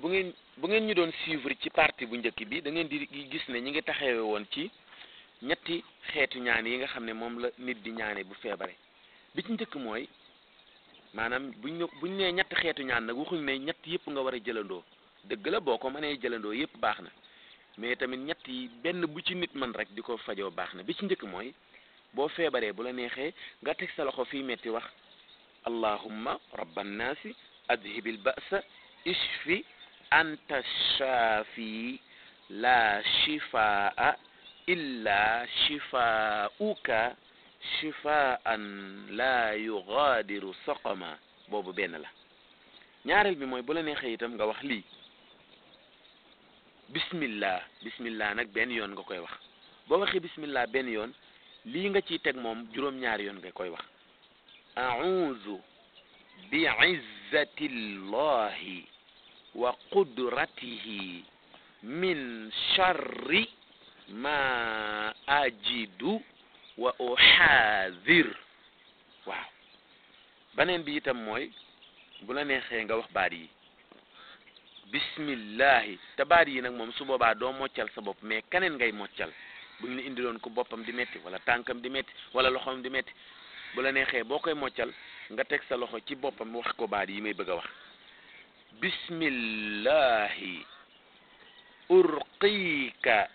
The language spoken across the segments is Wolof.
bu ngeen bu ngeen ñu doon suivre ci partie bu njëkk bi da ngeen di gis ne ñi ngi taxawee woon ci ñetti xeetu ñaan yi nga xam ne moom la nit di ñaane bu feebaree bi ci njëkk mooy maanaam buñ ne buñ ñetti xeetu ñaan nag waxuñ ne ñett yëpp nga war a jëlandoo dëgg la boo ko mënee jëlandoo yëpp baax na mais tamit ñett yi benn bu ci nit man rek di ko fajoo baax na bi ci njëkk mooy boo feebaree bu la neexee nga teg sa loxo fi metti wax allahumma rabban naasi adhibil ba'sa ishfi anta shaafi la shifaa illa shifaauka shifaan la yugaadiru soqama boobu benn la ñaareel bi mooy bu la neexee itam nga wax lii bismillah bismillah nag benn yoon nga koy wax boo waxee bismillah benn yoon lii nga ci teg moom juróom ñaar yoon nga koy wax a'uuzu bi izzati llahi wa qudratihi min charri ma ajidu wa uxaadir waaw beneen bi itam mooy bu la neexee nga wax baat yi bismillahi te baat yi nag moom su boobaa doo moccal sa bopp mais keneen ngay moccal bu ñu indi doon ko boppam di metti wala tànkam di metti wala loxoom di metti bu la neexee boo koy moccal nga teg sa loxo ci boppam wax ko baat yi may bëgg a wax bismillahi urqiika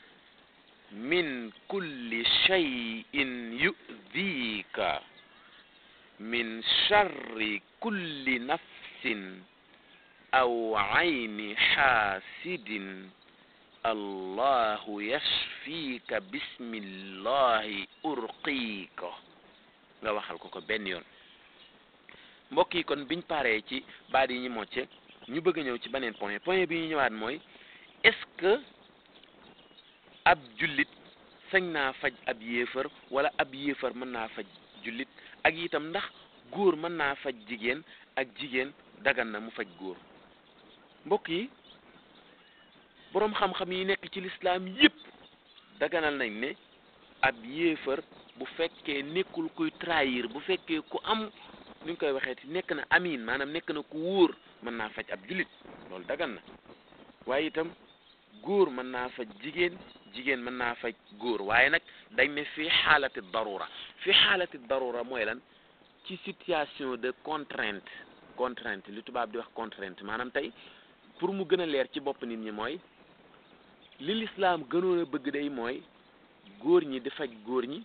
min kulli shayin yudiika min charri kulli nafsin aw ayni xaasidin allahu yashfiika bismillahi urqiika nga waxal ko ko benn yoon mbokk yi kon biñ paree ci baat yi ñu bëgg ñëw ci beneen point point bi ñu ñëwaat mooy est ab jullit sañ naa faj ab yéefar wala ab yéefar mën naa faj jullit ak itam ndax góor mën naa faj jigéen ak jigéen dagan na mu faj góor mbokk yi boroom xam-xam yi nekk ci lislaam yépp daganal nañ ne ab yéefar bu fekkee nekkul kuy trahir bu fekkee ku am nuñ koy waxee ti nekk na amin maanaam nekk na ku wóor mën naa faj ab jullit loolu dagan na waaye itam góor mën naa faj jigéen jigéen mën naa faj góor waaye nag dañ ne fii xaalati darura fii xaalati darura mooy lan ci situation de contrainte contrainte lu tubaab di wax contrainte maanaam tey pour mu gën a leer ci bopp nit ñi mooy li lislaam gënoon a bëgg day mooy góor ñi di faj góor ñi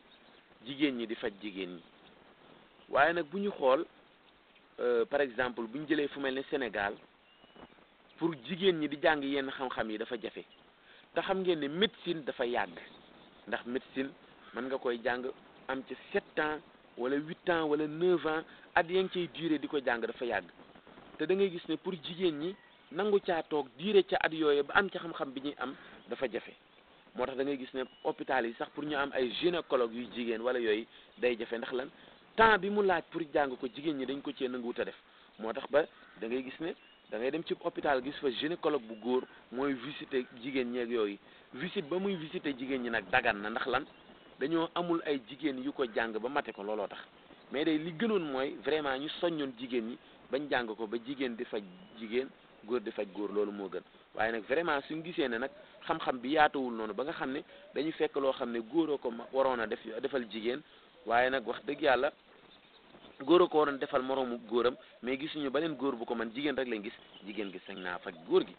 jigéen ñi di faj jigéen ñi waaye nag bu ñu xool euh, par exemple bu ñu jëlee fu mel ne Sénégal pour jigéen ñi di jàng yenn xam-xam yi dafa jafe te xam ngeen ne médecine dafa yàgg ndax médecine mën nga koy jàng am ci sept ans wala huit ans wala neuf ans at yaa ngi cay durée di ko jàng dafa yàgg te da ngay gis ni pour jigéen ñi nangu caa toog durée ca at yooyu ba am ci xam-xam bi ñuy am dafa jafe moo tax dangay gis ne hôpital yi sax pour ñu am ay gynécologue yu jigéen wala yooyu day jafe ndax lan temps bi mu laaj pour jàng ko jigéen ñi dañ ko cee nanguwut a def moo tax ba da ngay gis ne da ngay dem ci hôpital gis fa gynécologue bu góor mooy visiter jigéen ñeeg yooyu visite ba muy visiter jigéen ñi nag dagan na ndax lan dañoo amul ay jigéen yu ko jàng ba mate ko looloo tax mais day li gënoon mooy vraiment ñu soññoon jigéen ñi bañ jàng ko ba jigéen di faj jigéen góor di faj góor loolu moo gën waaye nag vraiment suñ gisee ne nag xam-xam bi yaatawul noonu ba nga xam ne dañu fekk loo xam ne góoroo ko waroon a def defal jigéen waaye nag wax dëgg yàlla góor a ko waroon defal moroomu góoram mais gisuñu beneen góor bu ko man jigéen rek lañ gis jigéen gi sañ naa faj góor gi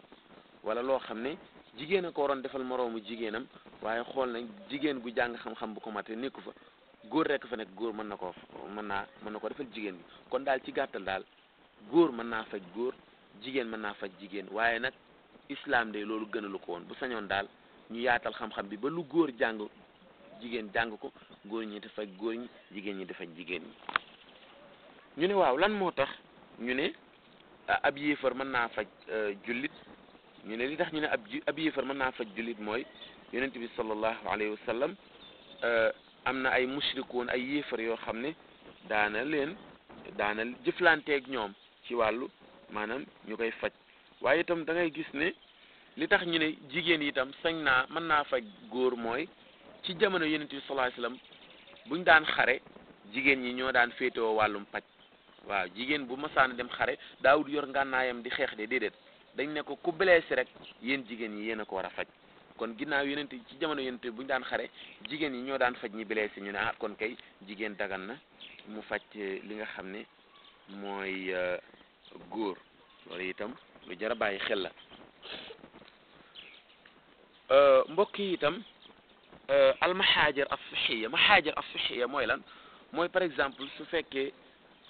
wala loo xam ne jigéen a ko waroon defal moroomu jigéenam waaye xool nañ jigéen gu jàng xam-xam bu ko matee nekku fa góor rekk fa nekk góor mën na ko mën naa mën na ko defal jigéen bi kon daal ci gàttal daal góor mën naa faj góor jigéen mën naa faj jigéen waaye nag islam de loolu gënalu ko woon bu sañoon daal ñu yaatal xam bi ba lu góor jàng jigéen jàng ko góor ñi dafa góor ñi jigéen ñi dafa jigéen ñi ñu ne waaw lan moo tax ñu ne ah, ab yéefar mën naa faj euh, jullit ñu ne li tax ñu ne ab ab yéefar mën naa faj jullit mooy yonent bi sallallahu alayhi wa sallam euh, am na ay mushrikoon ay yéefar yoo xam ne daana leen daana jëflanteeg ñoom ci wàllu maanaam ñu koy faj waaye itam dangay gis ne li tax ñu ne jigéen itam sañ naa mën naa faj góor mooy ci jamono yonent bi sallallahu alayhi wasallam buñ daan xare jigéen ñi ñoo daan féetewoo wàllum paj waaw jigéen bu masaana dem xare daawut yor ngànnaayam di xeex de déedéet dañ ne ko ku blessé rek yéen jigéen ñi yéen a ko war a faj kon ginnaaw yonent ci jamono yonent bu ñu daan xare jigéen ñi ñoo daan faj ñi blessé ñu ne ah kon kay jigéen dagan na mu faj eh, li nga xam ne mooy eh, góor loolu itam lu jar a bàyyi xel la eh, mbokk yi itam Euh, al maxaajir as fixiya maxaajir as mooy lan mooy par exemple su fekkee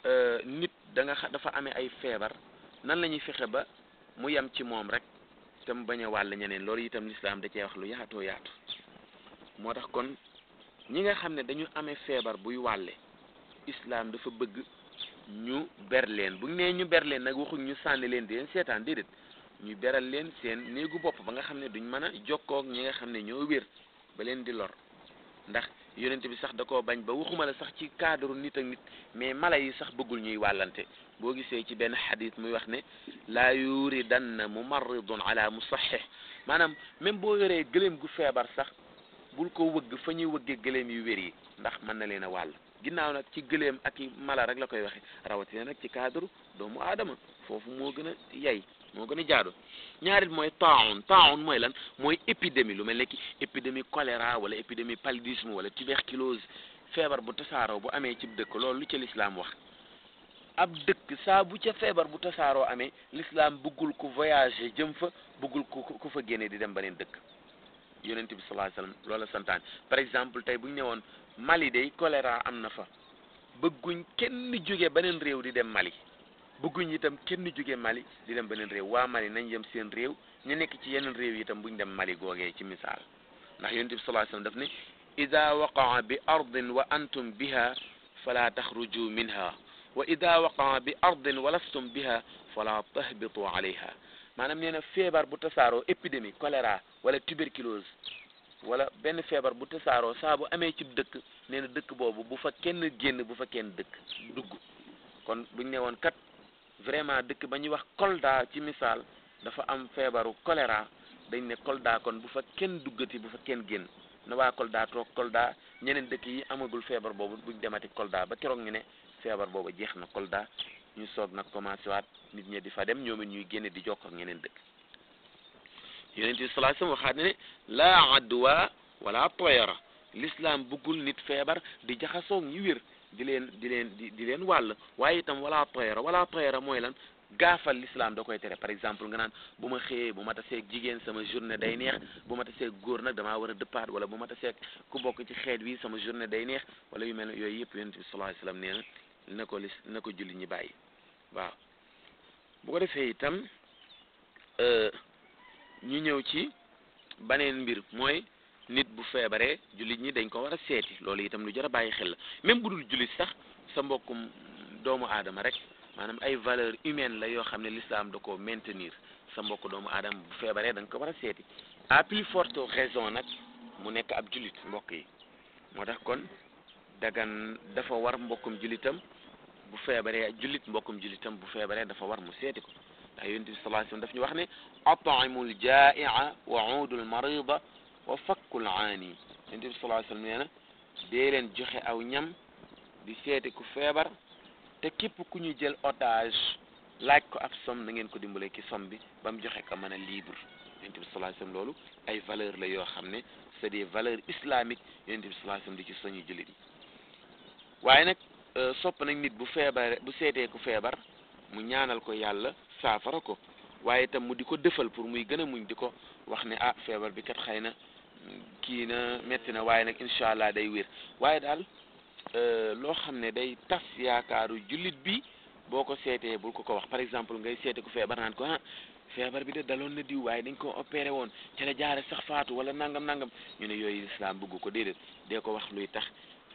euh, nit da nga dafa amee ay feebar nan lañuy fexe ba mu yem ci moom rek te mu bañ a wàll ñeneen loolu itam lislaam da cee wax lu yaatoo yaatu moo tax kon ñi nga xam ne dañu amee feebar buy wàlle islaam dafa bëgg ñu ber leen bu nee ñu ber leen nag waxuñ ñu sànni leen di leen seetaan déedéet ñu beral leen seen néegu bopp ba nga xam ne duñ mën a jokkoo ak ñi nga xam ne ñoo wér ba leen di lor ndax yonent bi sax da ko bañ ba waxuma la sax ci cadre nit ak nit mais mala yi sax bëggul ñuy wàllante boo gisee ci benn xadis muy wax ne laa dan mu yuridanna mumarridun mu musahih maanaam même boo yoree gëléem gu feebar sax bul ko wëgg fa ñuy wëggee gëléem yu wér yi ndax mën na leen a wàll ginnaaw nag ci gëléem ak i mala rek la koy waxe rawatina nag ci cadre doomu aadama foofu moo gën a yay moo gën a jaadu ñaareel mooy taawun taawun mooy lan mooy épidémie lu mel ne ki épidémie choléra wala épidémie paludisme wala tuberculose feebar bu tasaaroo bu amee cib dëkk loolu lu ci lislam wax ab dëkk saa bu ca feebar bu tasaaroo amee lislaam bëggul ku voyager jëm fa buggul ku ku fa génne di dem beneen dëkk yonent bi sallallahu alayhi loola santaan par exemple tey bu ñu newoon Mali day choléra am na fa bëgguñ kenn jóge beneen réew di dem Mali bëgguñ itam kenn jóge Mali di dem beneen réew waa Mali nañ yem seen réew ñu nekk ci yeneen réew yi itam buñ dem Mali googee ci misaal ndax yonent bi sallallahu alayhi wasallam daf ne ida waqaa bi ardin wa antum biha fala taxruju minha wa idaa waqa bi ardin wa lastum biha fala tahbitu alayha maanaam nee na feebar bu tasaaroo épidémie choléra wala tuberculose wala benn feebar bu tasaaroo saa bu amee ci dëkk nee dëkk boobu bu fa kenn génn bu fa kenn dëkk dugg kon buñ ne woon vraiment dëkk ba ñuy wax Kolda ci misaal dafa am feebaru choléra dañ ne Kolda kon bu fa kenn duggati bu fa kenn génn na waa Kolda toog Kolda ñeneen dëkk yi amagul feebar boobu buñ demati Kolda ba keroog ñu ne feebar boobu jeex na Kolda ñu soog nag commencé waat nit ñi di fa dem ñoom ñuy génne di jokk ak ñeneen dëkk yonent bi sallallahu alayhi wasallam waxaat ne laa adwa wala tayara l'islam buggul nit feebar di jaxasoog ñi wér di leen di leen di di leen wàll waaye itam wala toyra wala toyra mooy lan gaafal l'islam da koy tere par exemple nga naan bu ma xëyee bu ma taseeg jigéen sama journée day neex bu ma taseeg góor nag damaa war a dëppaat wala bu ma taseeg ku bokk ci xeet wi sama journée day neex wala yu mel ne yooyu yëpp yonent bi sallallahu alayhi wasallam nee na na ko li na ko julli ñi bàyyi waaw bu ko defee itam euh, ñu ñëw ci baneen mbir mooy nit bu feebaree jullit ñi dañ ko war a seeti loolu itam lu jar a bàyyi xel la même bu dul jullit sax sa mbokkum doomu aadama rek maanaam ay valeur humaine la yoo xam ne l'islam da koo maintenir sa mbokk doomu aadama bu feebaree da nga ko war a seeti a plus forte raison nag mu nekk ab jullit mbokk yi moo tax kon dagan dafa war mbokkum jullitam bu feebaree jullit mbokkum jullitam bu feebaree dafa war mu seeti ko ndax yonent bi sallallahu daf ñu wax ne atamul wa fakkul aani yonent bi sallallahu alayhi wasallam nee na dee leen joxe aw ñam di seeti ku feebar te képp ku ñu jël otage laaj ko ab som na ngeen ko dimbale ki som bi ba mu joxe ko mën a libre yonent bi sallallahu alayhi loolu ay valeur la yoo xam ne c'est des valeurs islamiques yonent bi sallallahu alayhi di ci soñu jullit waaye nag euh, sopp nañ nit bu feebaree bu seetee ku feebar mu ñaanal ko yàlla saafara ko waaye itam mu di ko dëfal pour muy gën a muñ di ko wax ne ah feebar bi kat xëy na kii na metti na waaye nag incha allah day wér waaye daal euh, loo xam ne day tas yaakaaru jullit bi boo ko seetee bul ko ko wax par exemple ngay seete ku feebar naan ko ah feebar bi de daloon na diw waaye dañ ko opéré woon ca la jaare sax faatu wala nangam nangam ñu ne yooyu islam bëgg ko déedéet dee ko wax luy tax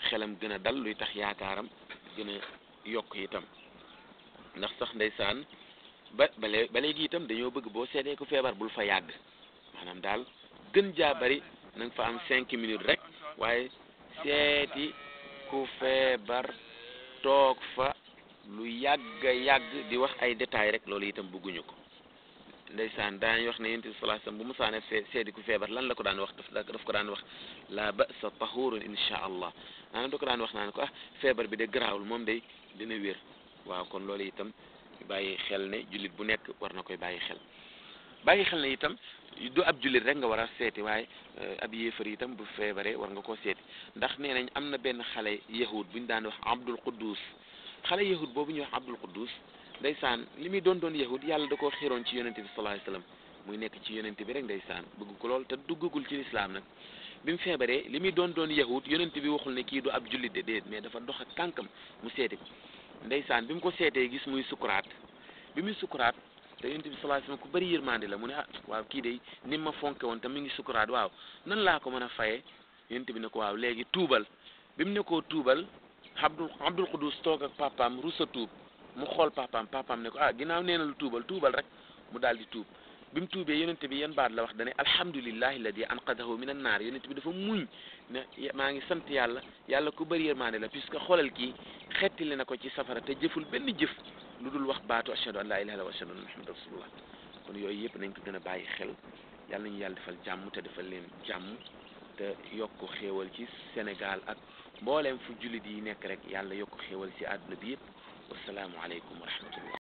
xelam gën a dal luy tax yaakaaram gën a yokk itam ndax sax ndeysaan ba ba léegi itam dañoo bëgg boo seetee ko feebar bul fa yàgg maanaam daal gën na nga fa am cinq minutes rek waaye seeti ku feebar toog fa lu yàgg yàgg di wax ay détails rek loolu itam bëgguñu ko ndeysaan daañ wax ne yonent bi sallallahu alayhi wasallam bu musaane seedi ku feebar lan la ko daan wax daf ko daan wax la ba'sa tahurun insha allah maanaam da ko daan wax naan ko ah feebar bi de garaawul moom day dina wér waaw kon loolu itam bàyyi xel ne jullit bu nekk war na koy bàyyi xel bàyyi xel ne itam du ab jullit rek nga war a seeti waaye euh, ab yéefar itam bu feebaree war nga koo seeti ndax nee nañ am na benn xale yahud bu ñu daan wax abdul quddus xale yahud boobu ñuy wax abdul quddus ndeysaan li muy doon doon yahud yàlla da koo xiiroon ci yonente bi sallallahu alayhi wasallam muy nekk ci yonente bi rek ndeysaan bëgg ko lool te duggagul ci lislaam nag bi mu feebaree li muy doon doon yahud yonente bi waxul ne kii du ab jullit de déet mais dafa dox ak tànkam mu seeti ko bi mu ko seetee gis muy sukuraat te yonent bi sallallahu alayhi ku bëri yërmande la mu ne ah waaw kii de ni ma fonke woon te mu ngi sukuraat waaw nan laa ko mën a fayee yonent bi ne ko waaw léegi tuubal bi mu ne koo tuubal Abdul Abdul Qudus toog ak papaam rusa tuub mu xool papaam papaam ne ko ah ginnaaw nee na lu tuubal tuubal rek mu daal di tuub bi mu tuubee yonent bi yan baat la wax dane alhamdulillahi ladi anqadahu min an naar yonent bi dafa muñ ne maa ngi sant yàlla yàlla ku bëri yërmande la puisque xoolal kii xettali na ko ci safara te jëful benn jëf lu dul wax baatu ashhadu an laa ilaaha illallaah wa ashhadu anna muhammadan rasulullaah kon yooyu yëpp nañ ko gën a bàyyi xel yàlla nañu yàlla defal jàmm te defal leen jàmm te yokk xéewal ci Sénégal ak mbooleem fu jullit yi nekk rek yàlla yokk xéewal ci àdduna bi yëpp wasalaamualeykum wa rahmatullah